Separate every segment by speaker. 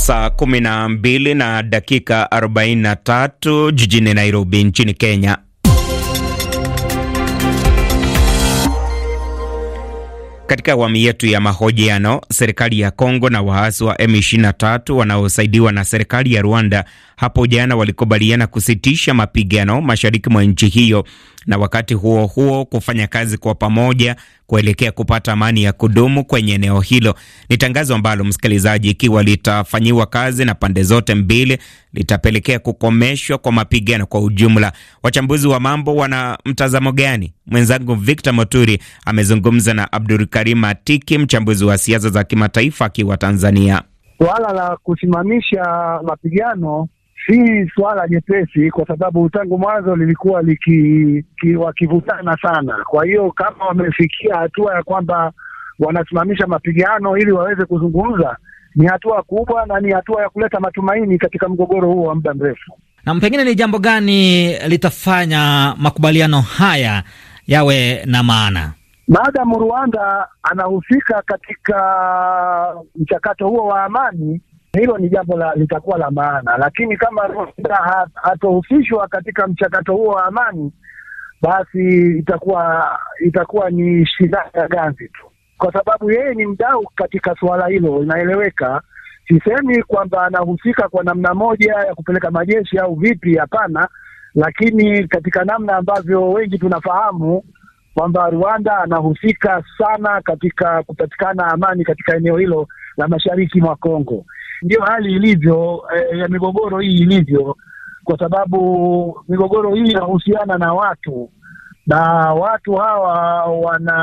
Speaker 1: saa kumi na mbili na dakika arobaini na tatu jijini Nairobi nchini Kenya. Katika awamu yetu ya mahojiano, serikali ya Kongo na waasi wa M23 wanaosaidiwa na serikali ya Rwanda hapo jana walikubaliana kusitisha mapigano mashariki mwa nchi hiyo na wakati huo huo kufanya kazi kwa pamoja kuelekea kupata amani ya kudumu kwenye eneo hilo. Ni tangazo ambalo, msikilizaji, ikiwa litafanyiwa kazi na pande zote mbili, litapelekea kukomeshwa kwa mapigano kwa ujumla. Wachambuzi wa mambo wana mtazamo gani? Mwenzangu Victor Moturi amezungumza na Abdul Karima Tiki, mchambuzi wa siasa za kimataifa akiwa Tanzania.
Speaker 2: Suala la kusimamisha mapigano si suala nyepesi kwa sababu tangu mwanzo lilikuwa wakivutana sana. Kwa hiyo kama wamefikia hatua ya kwamba wanasimamisha mapigano ili waweze kuzungumza, ni hatua kubwa na ni hatua ya kuleta matumaini katika mgogoro huo wa muda mrefu.
Speaker 3: Na pengine ni jambo gani litafanya makubaliano haya yawe na maana?
Speaker 2: maadamu Rwanda anahusika katika mchakato huo wa amani, hilo ni jambo la litakuwa la maana, lakini kama Rwanda hatohusishwa katika mchakato huo wa amani, basi itakuwa itakuwa ni shida ya ganzi tu, kwa sababu yeye ni mdau katika suala hilo, inaeleweka. Sisemi kwamba anahusika kwa namna moja ya kupeleka majeshi au vipi, hapana, lakini katika namna ambavyo wengi tunafahamu kwamba Rwanda anahusika sana katika kupatikana amani katika eneo hilo la mashariki mwa Kongo. Ndiyo hali ilivyo eh, ya migogoro hii ilivyo, kwa sababu migogoro hii inahusiana na watu na watu hawa wana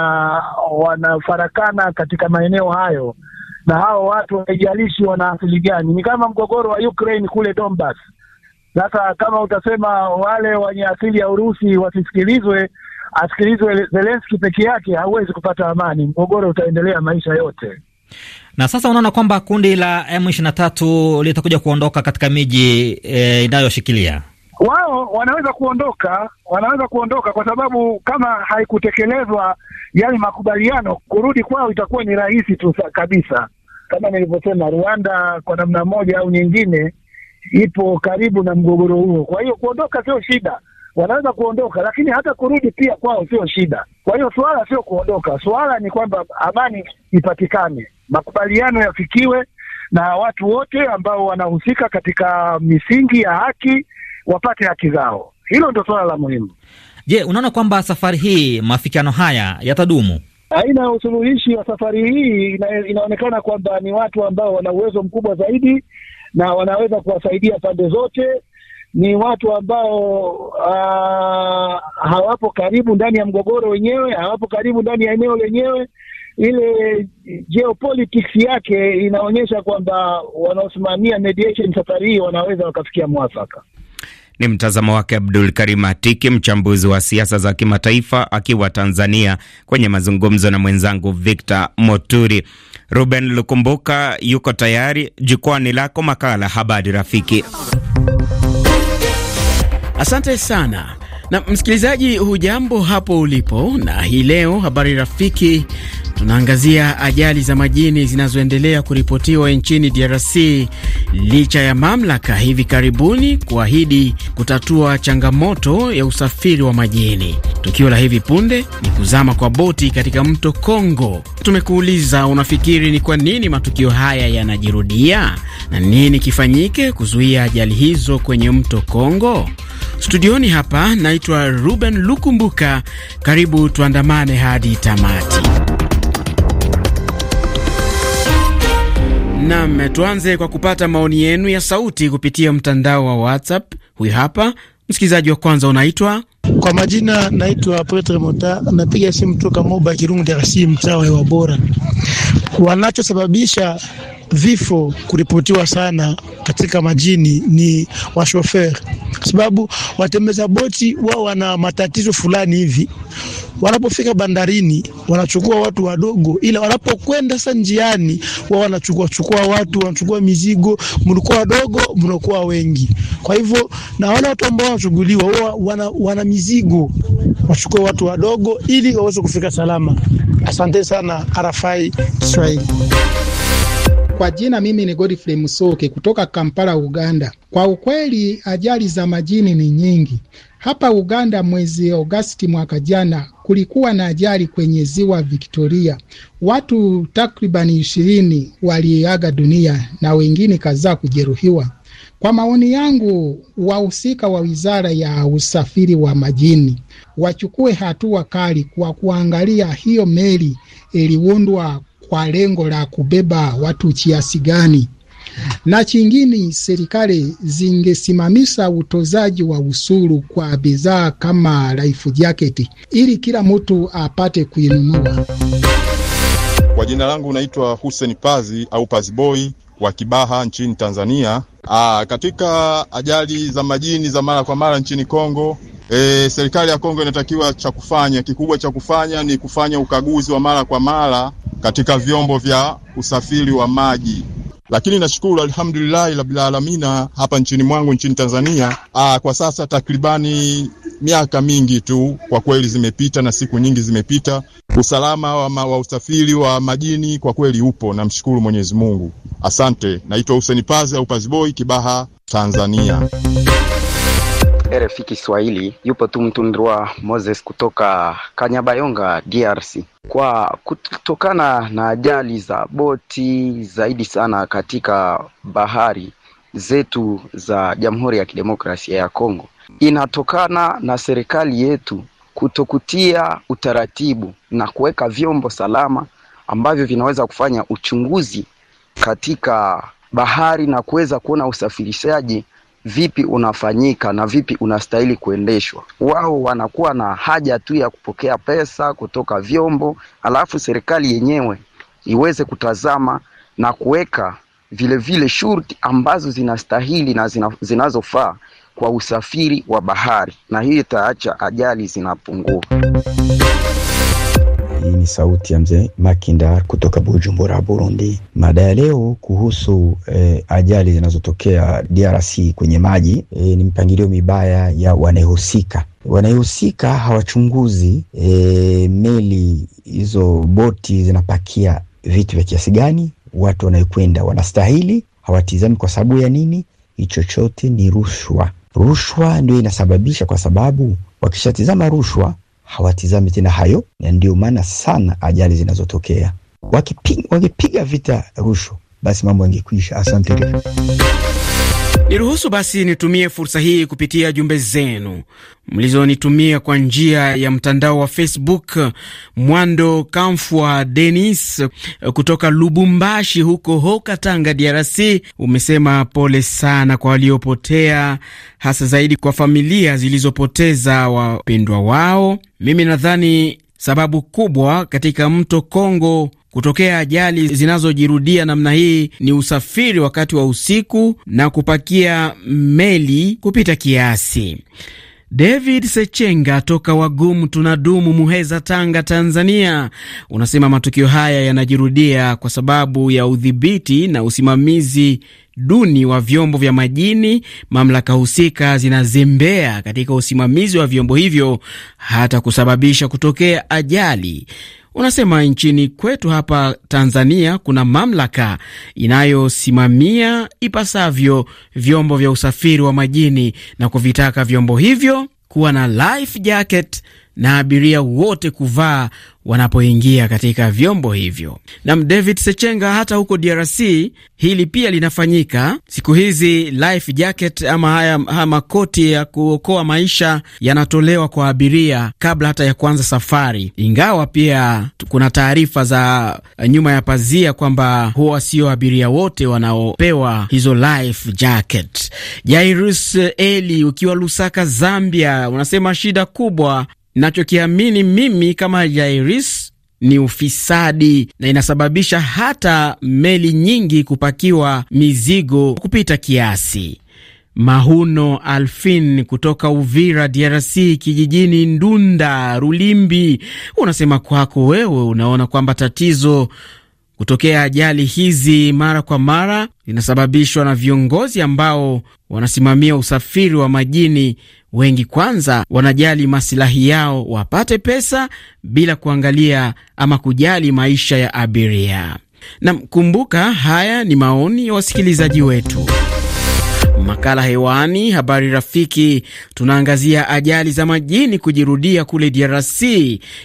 Speaker 2: wanafarakana katika maeneo hayo, na hao watu haijalishi wana asili gani. Ni kama mgogoro wa Ukraine kule Donbas. Sasa kama utasema wale wenye asili ya Urusi wasisikilizwe asikilizwe Zelenski peke yake hawezi kupata amani, mgogoro utaendelea maisha yote.
Speaker 3: Na sasa unaona kwamba kundi la M23 litakuja kuondoka katika miji e, inayoshikilia
Speaker 2: wao wanaweza kuondoka, wanaweza kuondoka kwa sababu kama haikutekelezwa yale makubaliano, kurudi kwao itakuwa ni rahisi tu kabisa. Kama nilivyosema, Rwanda kwa namna moja au nyingine ipo karibu na mgogoro huo, kwa hiyo kuondoka sio shida wanaweza kuondoka, lakini hata kurudi pia kwao sio shida. Kwa hiyo suala sio kuondoka, suala ni kwamba amani ipatikane, makubaliano yafikiwe na watu wote ambao wanahusika katika misingi ya haki wapate haki zao. Hilo ndio suala la muhimu.
Speaker 3: Je, unaona kwamba safari hii mafikiano haya
Speaker 4: yatadumu?
Speaker 2: Aina ya usuluhishi wa safari hii ina, inaonekana kwamba ni watu ambao wana uwezo mkubwa zaidi na wanaweza kuwasaidia pande zote ni watu ambao uh, hawapo karibu ndani ya mgogoro wenyewe, hawapo karibu ndani ya eneo lenyewe. Ile geopolitics yake inaonyesha kwamba wanaosimamia mediation safari hii wanaweza wakafikia mwafaka.
Speaker 1: Ni mtazamo wake Abdul Karim Atiki, mchambuzi wa siasa za kimataifa akiwa Tanzania, kwenye mazungumzo na mwenzangu Victor Moturi. Ruben Lukumbuka yuko tayari. Jukwani lako makala Habari Rafiki.
Speaker 3: Asante sana na msikilizaji, hujambo hapo ulipo, na hii leo habari rafiki Tunaangazia ajali za majini zinazoendelea kuripotiwa nchini DRC licha ya mamlaka hivi karibuni kuahidi kutatua changamoto ya usafiri wa majini. Tukio la hivi punde ni kuzama kwa boti katika mto Kongo. Tumekuuliza, unafikiri ni kwa nini matukio haya yanajirudia na nini kifanyike kuzuia ajali hizo kwenye mto Kongo? Studioni hapa naitwa Ruben Lukumbuka, karibu tuandamane hadi tamati. Nam, tuanze kwa kupata maoni yenu ya sauti kupitia mtandao wa WhatsApp. Huyu hapa msikilizaji wa kwanza, unaitwa kwa majina. Naitwa Petre Mota, napiga simu toka Moba Kirungu, DRC, mtaa wa Bora. Wanachosababisha vifo kuripotiwa sana katika majini ni washofer, kwa sababu watembeza boti wao wana matatizo fulani hivi. Wanapofika bandarini wanachukua watu wadogo, ila wanapokwenda sasa njiani wao wanachukua chukua watu, wanachukua mizigo. Mlikuwa wadogo, mnakuwa wengi. Kwa hivyo na wale watu ambao wanachuguliwa wao wana, wana mizigo, wachukue watu wadogo ili waweze kufika salama. Asante sana, Arafai Kiswahili. Kwa jina mimi ni Godfrey Musoke kutoka Kampala, Uganda. Kwa ukweli ajali za majini ni nyingi hapa Uganda. Mwezi Agosti mwaka jana kulikuwa na ajali kwenye ziwa Victoria, watu takribani ishirini waliaga dunia na wengine kadhaa kujeruhiwa. Kwa maoni yangu, wahusika wa wizara ya usafiri wa majini wachukue hatua kali kwa kuangalia hiyo meli iliundwa kwa lengo la kubeba watu kiasi gani. Na chingine, serikali zingesimamisha utozaji wa usuru kwa bidhaa kama life jacket ili kila mtu apate
Speaker 1: kuinunua.
Speaker 3: Kwa jina langu naitwa Hussein Pazi au Paziboi wa Kibaha nchini Tanzania. Aa, katika ajali za majini za mara kwa mara nchini Kongo e, serikali ya Kongo inatakiwa cha kufanya kikubwa cha kufanya ni kufanya ukaguzi wa mara kwa mara katika vyombo vya usafiri wa maji. Lakini nashukuru alhamdulillahi rabbil alamina, hapa nchini mwangu nchini Tanzania aa, kwa sasa takribani miaka mingi tu kwa kweli zimepita na siku nyingi zimepita, usalama wa, ma, wa usafiri wa majini kwa kweli upo, namshukuru Mwenyezi Mungu. Asante, naitwa Hussein Pazi au Paziboi, Kibaha, Tanzania. RFI Kiswahili. Yupo tu mtu Mtundrwa Moses kutoka Kanyabayonga, DRC. Kwa kutokana na ajali za boti zaidi sana katika bahari zetu za Jamhuri ya Kidemokrasia ya Kongo, inatokana na serikali yetu kutokutia utaratibu na kuweka vyombo salama ambavyo vinaweza kufanya uchunguzi katika bahari na kuweza kuona usafirishaji vipi unafanyika na vipi unastahili kuendeshwa. Wao wanakuwa na haja tu ya kupokea pesa kutoka vyombo, alafu serikali yenyewe iweze kutazama na kuweka vilevile shurti ambazo zinastahili na zina, zinazofaa kwa usafiri wa bahari, na hiyo itaacha ajali zinapungua.
Speaker 1: Hii ni sauti ya mzee Makindar kutoka Bujumbura, Burundi. Mada ya leo kuhusu eh, ajali zinazotokea DRC kwenye maji eh, ni mpangilio mibaya ya wanayehusika wanayehusika hawachunguzi e, meli hizo boti zinapakia vitu vya kiasi gani, watu wanayokwenda wanastahili, hawatizami kwa sababu ya nini? Hicho chote ni rushwa. Rushwa ndio inasababisha, kwa sababu wakishatizama rushwa hawatizami tena hayo, na ndio maana sana ajali zinazotokea. Wakipiga vita rushwa, basi mambo yangekwisha. Asante.
Speaker 3: Niruhusu basi nitumie fursa hii kupitia jumbe zenu mlizonitumia kwa njia ya mtandao wa Facebook. Mwando Kamfwa Denis kutoka Lubumbashi huko Hokatanga, DRC, umesema pole sana kwa waliopotea, hasa zaidi kwa familia zilizopoteza wapendwa wao. Mimi nadhani sababu kubwa katika mto Kongo Kutokea ajali zinazojirudia namna hii ni usafiri wakati wa usiku na kupakia meli kupita kiasi. David Sechenga toka Wagumu tunadumu Muheza, Tanga, Tanzania, unasema matukio haya yanajirudia kwa sababu ya udhibiti na usimamizi duni wa vyombo vya majini. Mamlaka husika zinazembea katika usimamizi wa vyombo hivyo hata kusababisha kutokea ajali. Unasema nchini kwetu hapa Tanzania kuna mamlaka inayosimamia ipasavyo vyombo vya usafiri wa majini na kuvitaka vyombo hivyo kuwa na life jacket na abiria wote kuvaa wanapoingia katika vyombo hivyo. Nam David Sechenga, hata huko DRC hili pia linafanyika siku hizi. Life jacket ama haya makoti ya kuokoa maisha yanatolewa kwa abiria kabla hata ya kuanza safari, ingawa pia kuna taarifa za nyuma ya pazia kwamba huwa sio abiria wote wanaopewa hizo life jacket. Jairus Eli, ukiwa Lusaka, Zambia, unasema shida kubwa nachokiamini mimi kama Jairis ni ufisadi na inasababisha hata meli nyingi kupakiwa mizigo kupita kiasi. Mahuno Alfin kutoka Uvira, DRC, kijijini Ndunda Rulimbi, unasema kwako wewe unaona kwamba tatizo kutokea ajali hizi mara kwa mara linasababishwa na viongozi ambao wanasimamia usafiri wa majini wengi kwanza wanajali masilahi yao, wapate pesa bila kuangalia ama kujali maisha ya abiria. Na kumbuka, haya ni maoni ya wasikilizaji wetu. Makala hewani, habari rafiki, tunaangazia ajali za majini kujirudia kule DRC.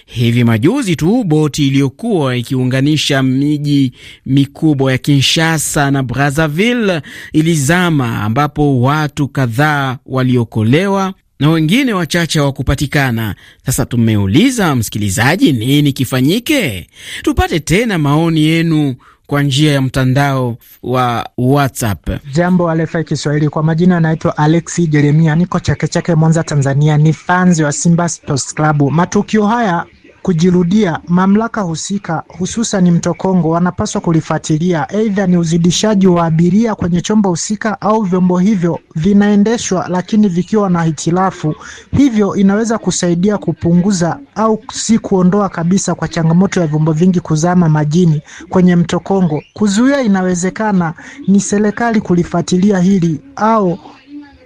Speaker 3: Hivi majuzi tu boti iliyokuwa ikiunganisha miji mikubwa ya Kinshasa na Brazzaville ilizama, ambapo watu kadhaa waliokolewa na wengine wachache hawakupatikana. Sasa tumeuliza msikilizaji, nini kifanyike? Tupate tena maoni yenu kwa njia ya mtandao wa WhatsApp. Jambo alefa Kiswahili, kwa majina anaitwa Alexi Jeremia, niko Chake Chake, Mwanza, Tanzania. Ni fanzi wa Simba Sports Club. Matukio haya kujirudia, mamlaka husika hususan mtokongo wanapaswa kulifuatilia. Aidha ni uzidishaji wa abiria kwenye chombo husika au vyombo hivyo vinaendeshwa lakini vikiwa na hitilafu, hivyo inaweza kusaidia kupunguza au si kuondoa kabisa kwa changamoto ya vyombo vingi kuzama majini kwenye mto Kongo. Kuzuia inawezekana, ni serikali kulifuatilia hili au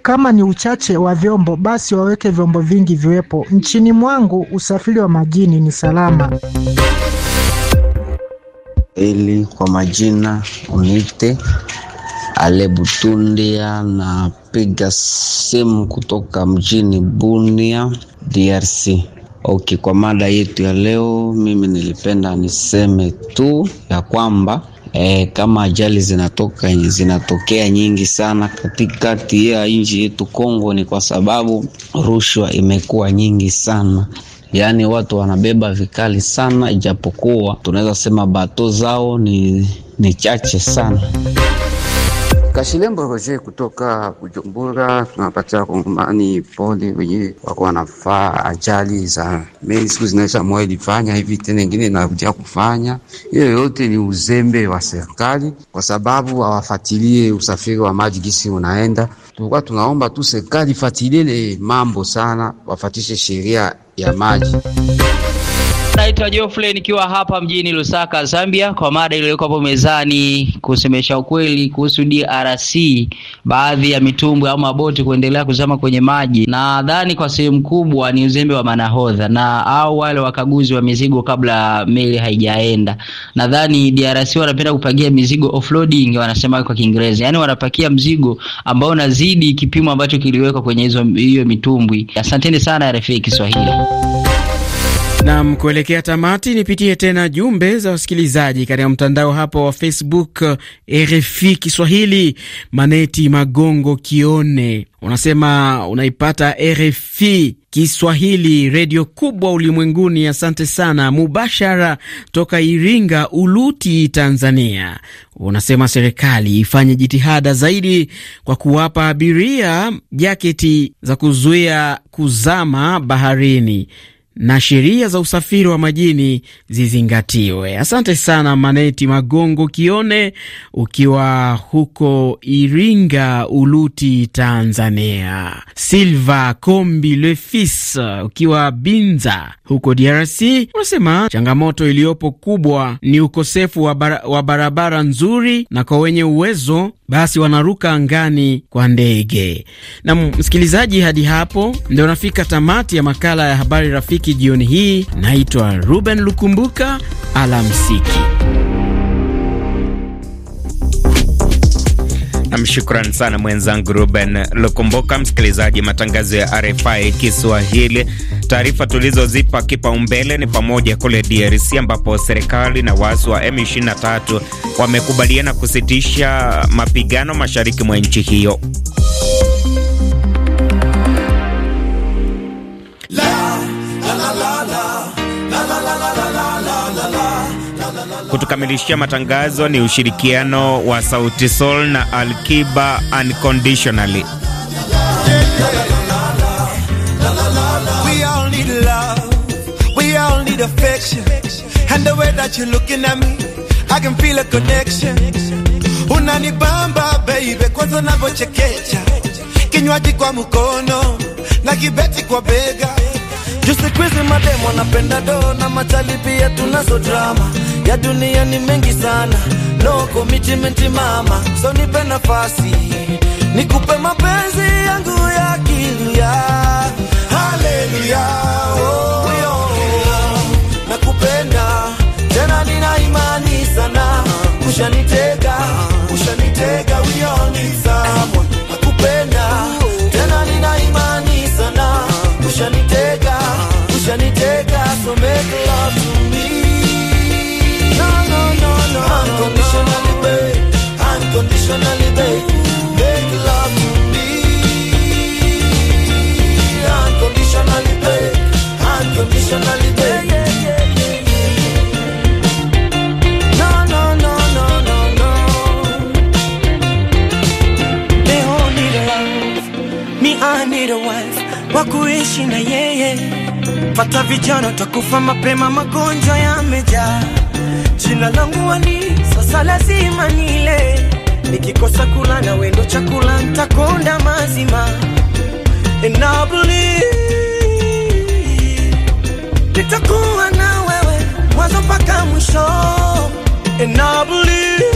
Speaker 3: kama ni uchache wa vyombo, basi waweke vyombo vingi viwepo. Nchini mwangu usafiri wa majini ni salama. Ili kwa majina unite Alebutundia, na piga simu kutoka mjini Bunia, DRC. Okay, kwa mada yetu ya leo, mimi nilipenda niseme tu ya kwamba e, kama ajali zinatoka zinatokea nyingi sana katikati ya nchi yetu Kongo, ni kwa sababu rushwa imekuwa nyingi sana. Yaani watu wanabeba vikali sana, ijapokuwa tunaweza sema bato zao ni, ni chache sana. Kashilembo Roger kutoka Kujumbura. Tunapatia kongomani pole wenye wako wanafaa ajali za meli, siku zinaisha moyo ilifanya hivi tena ingine inarudia kufanya. Hiyo yote ni uzembe wa serikali, kwa sababu hawafatilie usafiri wa maji gisi unaenda. Tulikuwa tunaomba tu serikali ifatilie mambo sana, wafatishe sheria ya maji. Naitwa Geoffrey nikiwa hapa mjini Lusaka, Zambia, kwa mada iliyoko hapo mezani kusemesha ukweli kuhusu DRC, baadhi ya mitumbwi au maboti kuendelea kuzama kwenye maji. Nadhani kwa sehemu kubwa ni uzembe wa manahodha na au wale wakaguzi wa mizigo kabla meli haijaenda. Nadhani DRC wanapenda kupakia mizigo offloading, wanasema kwa Kiingereza, yani wanapakia mzigo ambao unazidi kipimo ambacho kiliwekwa kwenye hizo hiyo mitumbwi. Asanteni sana RFI Kiswahili. Nam, kuelekea tamati, nipitie tena jumbe za wasikilizaji katika mtandao hapo wa Facebook eh, RFI Kiswahili. Maneti Magongo Kione unasema unaipata RFI Kiswahili, redio kubwa ulimwenguni. Asante sana, mubashara toka Iringa Uluti, Tanzania. Unasema serikali ifanye jitihada zaidi kwa kuwapa abiria jaketi za kuzuia kuzama baharini na sheria za usafiri wa majini zizingatiwe. Asante sana Maneti Magongo Kione, ukiwa huko Iringa Uluti, Tanzania. Silva Kombi Lefis, ukiwa Binza huko DRC, unasema changamoto iliyopo kubwa ni ukosefu wa, bar wa barabara nzuri na kwa wenye uwezo basi wanaruka angani kwa ndege. Na msikilizaji, hadi hapo ndio nafika tamati ya makala ya habari rafiki jioni hii. Naitwa Ruben Lukumbuka, alamsiki.
Speaker 1: Mshukran sana mwenzangu Ruben Lukumbuka. Msikilizaji, matangazo ya RFI Kiswahili, taarifa tulizozipa kipaumbele ni pamoja kule DRC ambapo serikali na waasi wa M23 wamekubaliana kusitisha mapigano mashariki mwa nchi hiyo. Kutukamilishia matangazo ni ushirikiano wa Sauti Sol na Alkiba Unconditionally.
Speaker 4: Unanibamba baby, kwanza unavyochekecha, kinywaji kwa mkono na kibeti kwa bega, juu siku hizi wanapenda do na pia, tunazo drama ya dunia ni mengi sana, no commitment mama, so nipe nafasi nikupe mapenzi yangu ya kilu ya haleluya finally wakuishi na Pata vijana takufa mapema, magonjwa yamejaa. Jina langu wani sasa lazima nile nikikosa kula na wendo chakula ntakonda mazima believe nitakuwa na wewe mwanzo mpaka mwisho believe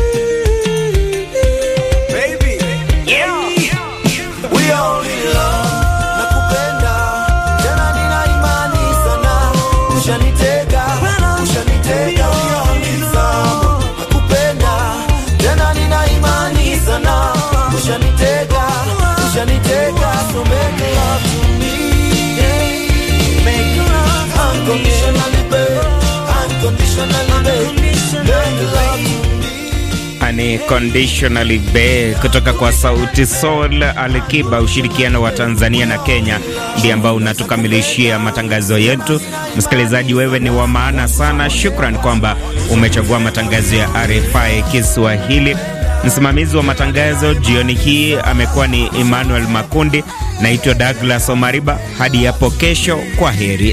Speaker 1: ni Conditionally Be kutoka kwa Sauti Sol Alikiba. Ushirikiano wa Tanzania na Kenya ndio ambao unatukamilishia matangazo yetu. Msikilizaji, wewe ni wa maana sana. Shukran kwamba umechagua matangazo ya RFI Kiswahili. Msimamizi wa matangazo jioni hii amekuwa ni Emmanuel Makundi. Naitwa Douglas Omariba. Hadi hapo kesho, kwa heri.